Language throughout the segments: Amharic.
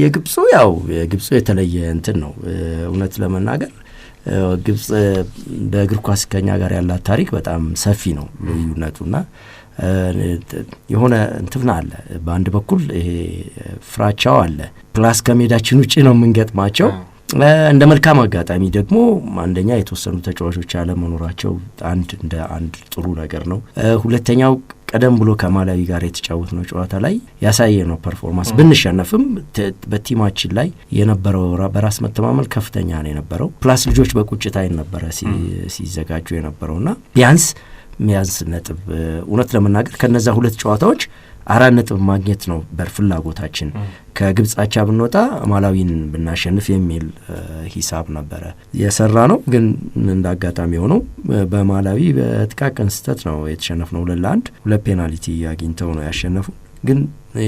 የግብፁ ያው የግብፁ የተለየ እንትን ነው እውነት ለመናገር ግብፅ በእግር ኳስ ከኛ ጋር ያላት ታሪክ በጣም ሰፊ ነው ልዩነቱና የሆነ እንትን አለ። በአንድ በኩል ይሄ ፍራቻው አለ። ፕላስ ከሜዳችን ውጭ ነው የምንገጥማቸው እንደ መልካም አጋጣሚ ደግሞ አንደኛ የተወሰኑ ተጫዋቾች አለመኖራቸው አንድ እንደ አንድ ጥሩ ነገር ነው። ሁለተኛው ቀደም ብሎ ከማላዊ ጋር የተጫወት ነው ጨዋታ ላይ ያሳየ ነው ፐርፎርማንስ ብንሸነፍም በቲማችን ላይ የነበረው በራስ መተማመን ከፍተኛ ነው የነበረው። ፕላስ ልጆች በቁጭት አይን ነበረ ሲዘጋጁ የነበረውና ቢያንስ ቢያንስ ነጥብ እውነት ለመናገር ከነዛ ሁለት ጨዋታዎች አራት ነጥብ ማግኘት ነው በፍላጎታችን ከግብጻቻ ብንወጣ ማላዊን ብናሸንፍ የሚል ሂሳብ ነበረ የሰራ ነው። ግን እንደ አጋጣሚ የሆነው በማላዊ በጥቃቅን ስህተት ነው ነው ሁለት ለአንድ ሁለት ፔናልቲ አግኝተው ነው ያሸነፉ። ግን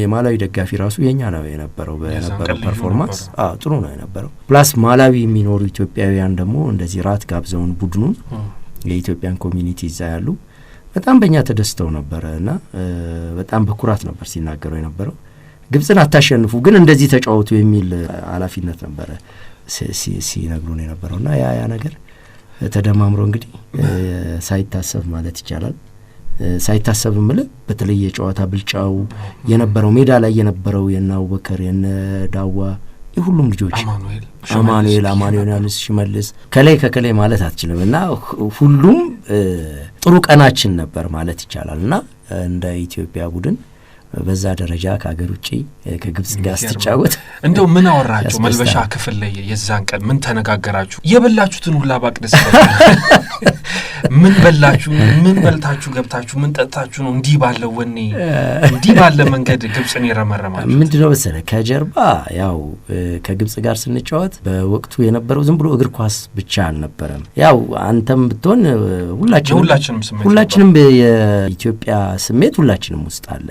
የማላዊ ደጋፊ ራሱ የኛ ነው የነበረው። በነበረው ፐርፎርማንስ ጥሩ ነው የነበረው። ፕላስ ማላዊ የሚኖሩ ኢትዮጵያውያን ደግሞ እንደዚህ ራት ጋብዘውን ቡድኑን የኢትዮጵያን ኮሚኒቲ ይዛ ያሉ በጣም በእኛ ተደስተው ነበረ እና በጣም በኩራት ነበር ሲናገረው የነበረው ግብፅን አታሸንፉ ግን እንደዚህ ተጫወቱ የሚል ኃላፊነት ነበረ ሲነግሩን የነበረውና ያ ያ ነገር ተደማምሮ እንግዲህ ሳይታሰብ ማለት ይቻላል ሳይታሰብ ምል በተለይ የጨዋታ ብልጫው የነበረው ሜዳ ላይ የነበረው የነ አቡበከር የነ ዳዋ የሁሉም ልጆች አማኑኤል አማኑኤል ያሉስ ሽመልስ ከላይ ከከላይ ማለት አትችልም እና ሁሉም ጥሩ ቀናችን ነበር ማለት ይቻላል እና እንደ ኢትዮጵያ ቡድን በዛ ደረጃ ከሀገር ውጭ ከግብጽ ጋር ስትጫወት እንደው ምን አወራቸው መልበሻ ክፍል ላይ የዛን ቀን ምን ተነጋገራችሁ? የበላችሁትን ሁላ ባቅደስ ምን በላችሁ? ምን በልታችሁ ገብታችሁ ምን ጠጥታችሁ ነው እንዲህ ባለ ወኔ እንዲህ ባለ መንገድ ግብጽን የረመረማችሁ? ምንድን መሰለህ ከጀርባ ያው ከግብጽ ጋር ስንጫወት በወቅቱ የነበረው ዝም ብሎ እግር ኳስ ብቻ አልነበረም። ያው አንተም ብትሆን ሁላችንም ሁላችንም የኢትዮጵያ ስሜት ሁላችንም ውስጥ አለ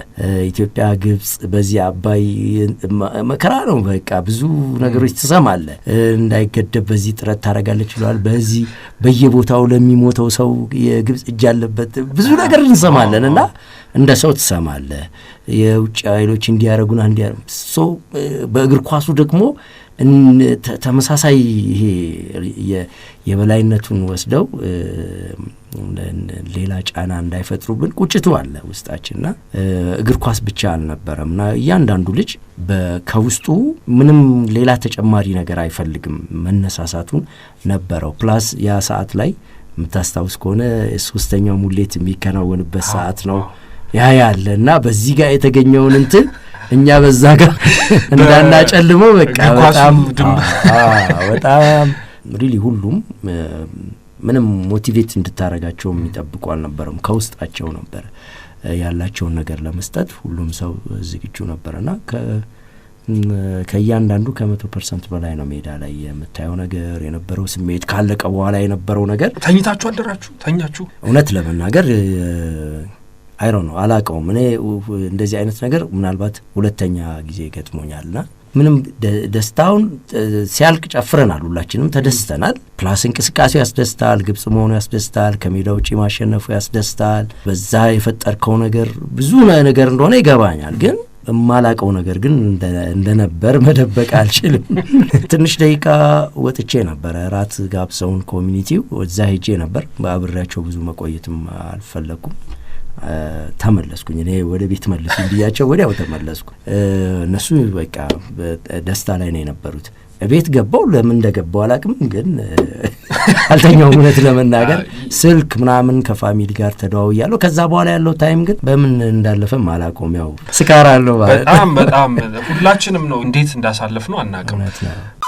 ኢትዮጵያ፣ ግብጽ በዚህ አባይ መከራ ነው። በቃ ብዙ ነገሮች ትሰማለ። እንዳይገደብ በዚህ ጥረት ታደርጋለች ይለዋል። በዚህ በየቦታው ለሚሞተው ሰው የግብጽ እጅ ያለበት ብዙ ነገር እንሰማለን እና እንደ ሰው ትሰማለ የውጭ ኃይሎች እንዲያደረጉና እንዲያ በእግር ኳሱ ደግሞ ተመሳሳይ ይሄ የበላይነቱን ወስደው ሌላ ጫና እንዳይፈጥሩብን ቁጭቱ አለ ውስጣችንና እግር ኳስ ብቻ አልነበረም እና እያንዳንዱ ልጅ ከውስጡ ምንም ሌላ ተጨማሪ ነገር አይፈልግም። መነሳሳቱን ነበረው። ፕላስ ያ ሰዓት ላይ የምታስታውስ ከሆነ ሶስተኛው ሙሌት የሚከናወንበት ሰዓት ነው። ያ ያለ እና በዚህ ጋር የተገኘውን እንትን እኛ በዛ ጋር እንዳናጨልመው በቃ በጣም በጣም ሪሊ ሁሉም ምንም ሞቲቬት እንድታረጋቸው የሚጠብቁ አልነበረም። ከውስጣቸው ነበረ ያላቸውን ነገር ለመስጠት ሁሉም ሰው ዝግጁ ነበረና ከእያንዳንዱ ከመቶ ፐርሰንት በላይ ነው ሜዳ ላይ የምታየው ነገር የነበረው ስሜት ካለቀ በኋላ የነበረው ነገር። ተኝታችሁ አደራችሁ? ተኛችሁ? እውነት ለመናገር አይሮ ነው አላቀውም። እኔ እንደዚህ አይነት ነገር ምናልባት ሁለተኛ ጊዜ ገጥሞኛልና ምንም ደስታውን ሲያልቅ ጨፍረናል። ሁላችንም ተደስተናል። ፕላስ እንቅስቃሴው ያስደስታል፣ ግብጽ መሆኑ ያስደስታል፣ ከሜዳ ውጪ ማሸነፉ ያስደስታል። በዛ የፈጠርከው ነገር ብዙ ነገር እንደሆነ ይገባኛል ግን የማላቀው ነገር ግን እንደነበር መደበቅ አልችልም። ትንሽ ደቂቃ ወጥቼ ነበረ። ራት ጋብሰውን ኮሚኒቲው እዛ ሄጄ ነበር። በአብሬያቸው ብዙ መቆየትም አልፈለኩም። ተመለስኩኝ። እኔ ወደ ቤት መልሱ ብያቸው ወዲያው ተመለስኩ። እነሱ በቃ ደስታ ላይ ነው የነበሩት። ቤት ገባው። ለምን እንደገባው አላቅም ግን አልተኛውም። እውነት ለመናገር ስልክ ምናምን ከፋሚሊ ጋር ተደዋውያለሁ። ከዛ በኋላ ያለው ታይም ግን በምን እንዳለፈም አላቆም። ያው ስካር አለው በጣም በጣም ሁላችንም ነው እንዴት እንዳሳለፍ ነው አናቅም።